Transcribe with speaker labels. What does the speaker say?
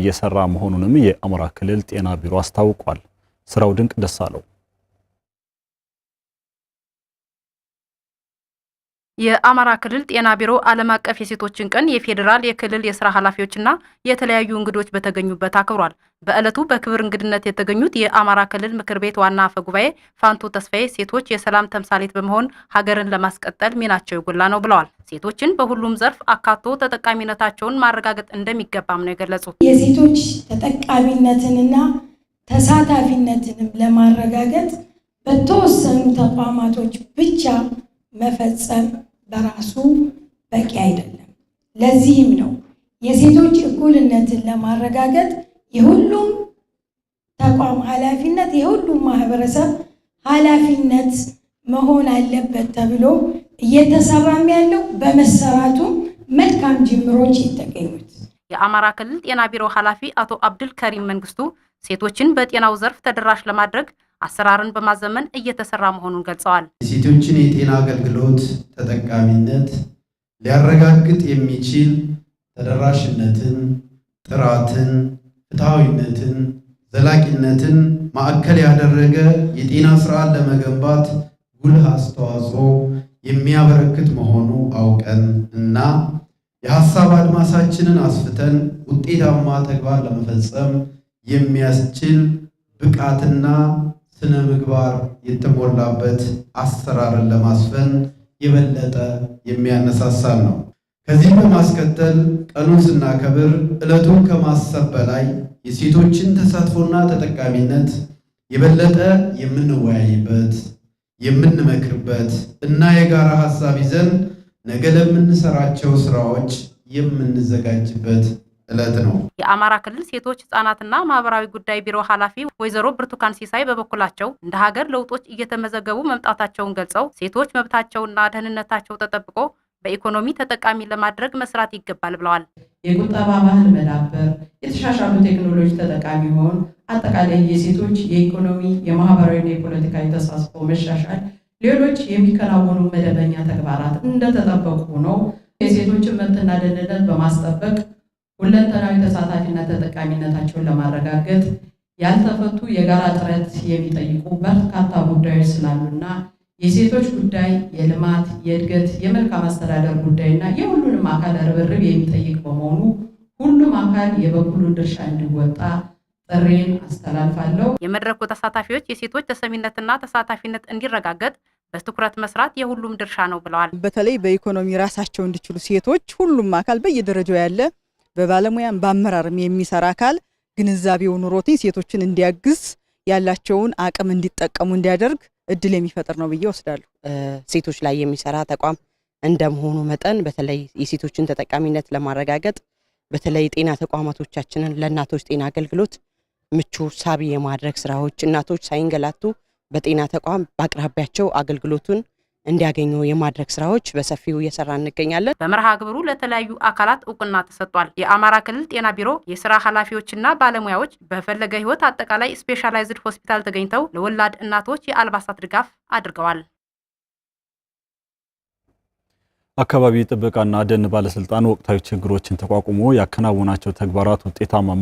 Speaker 1: እየሰራ መሆኑንም የአማራ ክልል ጤና ቢሮ አስታውቋል። ስራው ድንቅ ደስ አለው። የአማራ ክልል ጤና ቢሮ ዓለም አቀፍ የሴቶችን ቀን የፌዴራል የክልል የስራ ኃላፊዎችና የተለያዩ እንግዶች በተገኙበት አክብሯል። በዕለቱ በክብር እንግድነት የተገኙት የአማራ ክልል ምክር ቤት ዋና አፈ
Speaker 2: ጉባኤ ፋንቱ ተስፋዬ ሴቶች የሰላም ተምሳሌት በመሆን ሀገርን ለማስቀጠል ሚናቸው የጎላ ነው ብለዋል። ሴቶችን በሁሉም ዘርፍ አካቶ ተጠቃሚነታቸውን ማረጋገጥ እንደሚገባም ነው የገለጹት። የሴቶች ተጠቃሚነትንና ተሳታፊነትንም ለማረጋገጥ በተወሰኑ ተቋማቶች ብቻ መፈጸም በራሱ በቂ አይደለም። ለዚህም ነው የሴቶች እኩልነትን ለማረጋገጥ የሁሉም ተቋም ኃላፊነት
Speaker 1: የሁሉም ማህበረሰብ ኃላፊነት መሆን አለበት ተብሎ እየተሰራም ያለው በመሰራቱ መልካም
Speaker 3: ጅምሮች የተገኙት። የአማራ ክልል ጤና ቢሮ ኃላፊ አቶ አብዱል ከሪም መንግስቱ ሴቶችን በጤናው ዘርፍ ተደራሽ ለማድረግ አሰራርን በማዘመን እየተሰራ መሆኑን ገልጸዋል። የሴቶችን የጤና አገልግሎት ተጠቃሚነት ሊያረጋግጥ የሚችል ተደራሽነትን፣ ጥራትን፣ ፍትሐዊነትን፣ ዘላቂነትን ማዕከል ያደረገ የጤና ስርዓት ለመገንባት ጉልህ አስተዋጽኦ የሚያበረክት መሆኑ አውቀን እና የሀሳብ አድማሳችንን አስፍተን ውጤታማ ተግባር ለመፈጸም የሚያስችል ብቃትና ስነ ምግባር የተሞላበት አሰራርን ለማስፈን የበለጠ የሚያነሳሳን ነው። ከዚህ በማስከተል ቀኑን ስናከብር ዕለቱን ከማሰብ በላይ የሴቶችን ተሳትፎና ተጠቃሚነት የበለጠ
Speaker 1: የምንወያይበት፣ የምንመክርበት እና የጋራ ሀሳብ ይዘን ነገ ለምንሰራቸው ስራዎች የምንዘጋጅበት እለት ነው። የአማራ ክልል ሴቶች ህጻናትና ማህበራዊ ጉዳይ ቢሮ ኃላፊ
Speaker 4: ወይዘሮ ብርቱካን ሲሳይ በበኩላቸው እንደ ሀገር ለውጦች እየተመዘገቡ መምጣታቸውን ገልጸው ሴቶች መብታቸውና ደህንነታቸው ተጠብቆ በኢኮኖሚ ተጠቃሚ ለማድረግ መስራት ይገባል ብለዋል። የቁጠባ ባህል መዳበር፣ የተሻሻሉ ቴክኖሎጂ ተጠቃሚ መሆን፣ አጠቃላይ የሴቶች የኢኮኖሚ የማህበራዊና የፖለቲካዊ ተሳትፎ መሻሻል፣ ሌሎች የሚከናወኑ መደበኛ ተግባራት እንደተጠበቁ ነው። የሴቶችን መብትና ደህንነት በማስጠበቅ ሁለንተናዊ ተሳታፊነት ተጠቃሚነታቸውን ለማረጋገጥ ያልተፈቱ የጋራ ጥረት የሚጠይቁ በርካታ ጉዳዮች ስላሉና የሴቶች ጉዳይ
Speaker 1: የልማት፣ የእድገት፣ የመልካም አስተዳደር ጉዳይና የሁሉንም አካል ርብርብ የሚጠይቅ በመሆኑ ሁሉም
Speaker 5: አካል የበኩሉን ድርሻ እንዲወጣ ጥሬን አስተላልፋለሁ። የመድረኩ ተሳታፊዎች የሴቶች ተሰሚነትና ተሳታፊነት እንዲረጋገጥ በትኩረት መስራት የሁሉም ድርሻ ነው ብለዋል። በተለይ በኢኮኖሚ ራሳቸው እንዲችሉ ሴቶች ሁሉም አካል
Speaker 6: በየደረጃው ያለ በባለሙያም በአመራርም የሚሰራ አካል ግንዛቤው ኑሮትኝ ሴቶችን እንዲያግዝ ያላቸውን አቅም እንዲጠቀሙ እንዲያደርግ እድል የሚፈጥር ነው ብዬ ወስዳለሁ። ሴቶች ላይ የሚሰራ ተቋም እንደመሆኑ መጠን በተለይ የሴቶችን ተጠቃሚነት ለማረጋገጥ በተለይ ጤና ተቋማቶቻችንን ለእናቶች ጤና
Speaker 1: አገልግሎት ምቹ ሳቢ የማድረግ ስራዎች እናቶች ሳይንገላቱ በጤና ተቋም በአቅራቢያቸው አገልግሎቱን እንዲያገኙ የማድረግ ስራዎች በሰፊው እየሰራ እንገኛለን። በመርሃ ግብሩ ለተለያዩ አካላት እውቅና ተሰጥቷል። የአማራ ክልል ጤና ቢሮ የስራ ኃላፊዎችና ባለሙያዎች በፈለገ ሕይወት አጠቃላይ ስፔሻላይዝድ ሆስፒታል ተገኝተው ለወላድ እናቶች የአልባሳት ድጋፍ አድርገዋል። አካባቢ ጥበቃና ደን ባለስልጣን ወቅታዊ ችግሮችን ተቋቁሞ ያከናወናቸው ተግባራት ውጤታማ